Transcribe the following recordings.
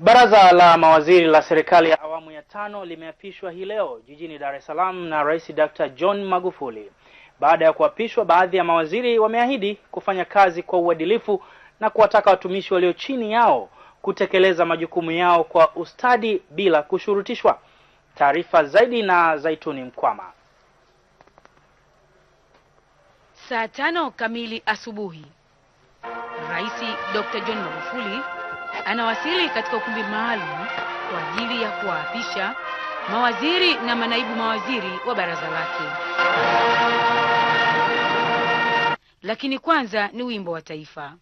Baraza la mawaziri la serikali ya awamu ya tano limeapishwa hii leo jijini Dar es Salaam na Rais Dr. John Magufuli. Baada ya kuapishwa, baadhi ya mawaziri wameahidi kufanya kazi kwa uadilifu na kuwataka watumishi walio chini yao kutekeleza majukumu yao kwa ustadi bila kushurutishwa. Taarifa zaidi na Zaituni Mkwama. Saa tano kamili asubuhi, Rais Dr. John Magufuli anawasili katika ukumbi maalum kwa ajili ya kuwaapisha mawaziri na manaibu mawaziri wa baraza lake. Lakini kwanza ni wimbo wa taifa.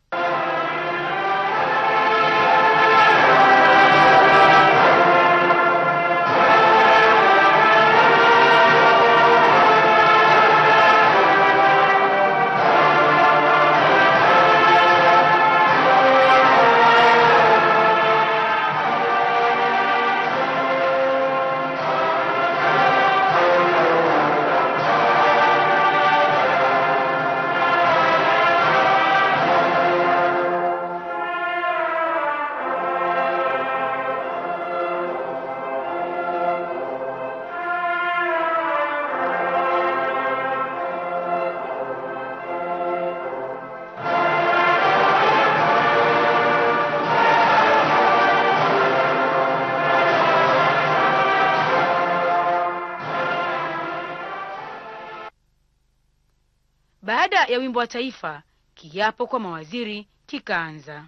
Baada ya wimbo wa taifa, kiapo kwa mawaziri kikaanza.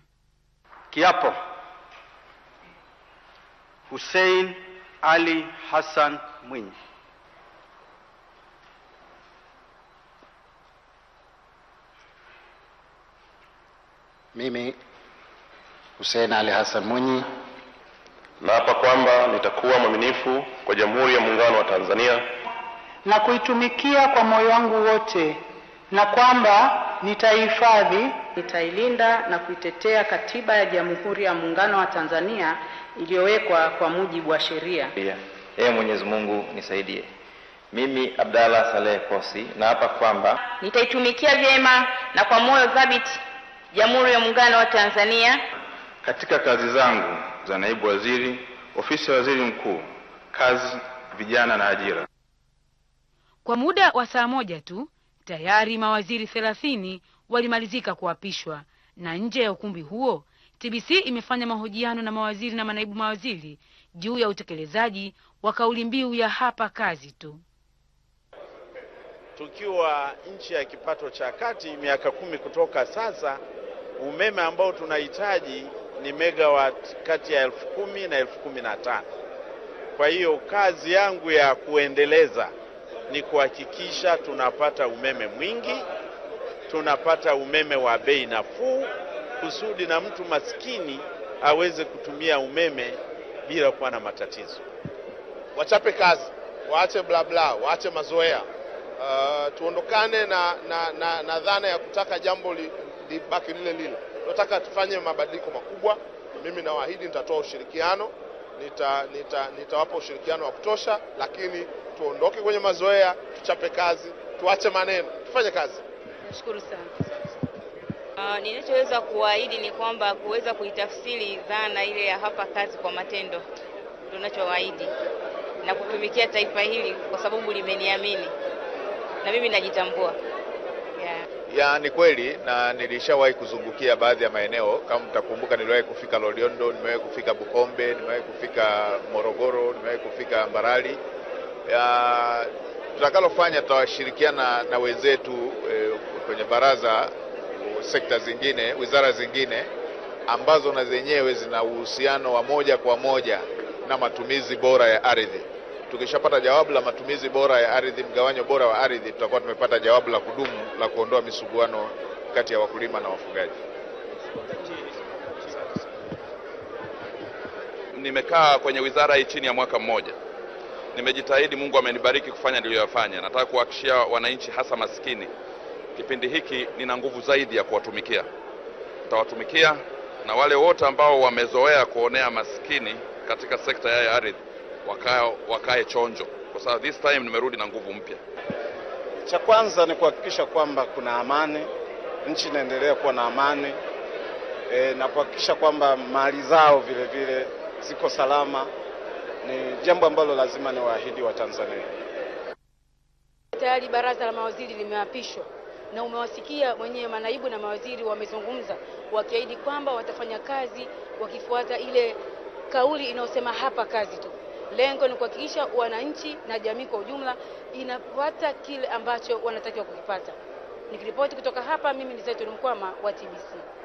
Kiapo. Hussein Ali Hassan Mwinyi. Mimi Hussein Ali Hassan Mwinyi naapa kwamba nitakuwa mwaminifu kwa Jamhuri ya Muungano wa Tanzania na kuitumikia kwa moyo wangu wote na kwamba nitahifadhi, nitailinda na kuitetea Katiba ya Jamhuri ya Muungano wa Tanzania iliyowekwa kwa mujibu wa sheria. Ee Mwenyezi Mungu nisaidie. Mimi Abdalla Saleh Kosi naapa kwamba nitaitumikia vyema na kwa moyo thabiti Jamhuri ya Muungano wa Tanzania katika kazi zangu za naibu waziri, ofisi ya waziri mkuu, kazi, vijana na ajira, kwa muda wa saa moja tu Tayari mawaziri thelathini walimalizika kuapishwa na nje ya ukumbi huo TBC imefanya mahojiano na mawaziri na manaibu mawaziri juu ya utekelezaji wa kauli mbiu ya hapa kazi tu. Tukiwa nchi ya kipato cha kati, miaka kumi kutoka sasa, umeme ambao tunahitaji ni megawatt kati ya elfu kumi na elfu kumi na tano. Kwa hiyo kazi yangu ya kuendeleza ni kuhakikisha tunapata umeme mwingi, tunapata umeme wa bei nafuu, kusudi na mtu maskini aweze kutumia umeme bila kuwa na matatizo. Wachape kazi, waache bla bla, waache mazoea. Uh, tuondokane na, na, na, na dhana ya kutaka jambo libaki li lile lile. Tunataka tufanye mabadiliko makubwa. Mimi nawaahidi nitatoa ushirikiano, nitawapa nita, nita ushirikiano wa kutosha, lakini tuondoke kwenye mazoea, tuchape kazi, tuache maneno, tufanye kazi. Nashukuru sana. Uh, ninachoweza kuahidi ni kwamba kuweza kuitafsiri dhana ile ya hapa kazi kwa matendo, tunachoahidi na kutumikia taifa hili kwa sababu limeniamini na mimi najitambua. Yeah. Ya, ni kweli na nilishawahi kuzungukia baadhi ya maeneo. Kama mtakumbuka, niliwahi kufika Loliondo, nimewahi kufika Bukombe, nimewahi kufika Morogoro, nimewahi kufika Mbarali tutakalofanya tutawashirikiana na wenzetu e, kwenye baraza, sekta zingine, wizara zingine ambazo na zenyewe zina uhusiano wa moja kwa moja na matumizi bora ya ardhi. Tukishapata jawabu la matumizi bora ya ardhi, mgawanyo bora wa ardhi, tutakuwa tumepata jawabu la kudumu la kuondoa misuguano kati ya wakulima na wafugaji. Nimekaa kwenye wizara hii chini ya mwaka mmoja nimejitahidi, Mungu amenibariki kufanya niliyoyafanya. Nataka kuwahakikishia wananchi, hasa maskini, kipindi hiki nina nguvu zaidi ya kuwatumikia. Nitawatumikia na wale wote ambao wamezoea kuonea maskini katika sekta ya ardhi wakae, wakae chonjo, kwa sababu this time nimerudi na nguvu mpya. Cha kwanza ni kuhakikisha kwamba kuna amani, nchi inaendelea kuwa na amani e, na kuhakikisha kwamba mali zao vile vile ziko salama ni jambo ambalo lazima ni waahidi wa Tanzania. Tayari baraza la mawaziri limeapishwa na umewasikia mwenyewe manaibu na mawaziri wamezungumza wakiahidi kwamba watafanya kazi wakifuata ile kauli inayosema hapa kazi tu. Lengo ni kuhakikisha wananchi na jamii kwa ujumla inapata kile ambacho wanatakiwa kukipata. Nikiripoti kutoka hapa, mimi ni Zaituni Mkwama wa TBC.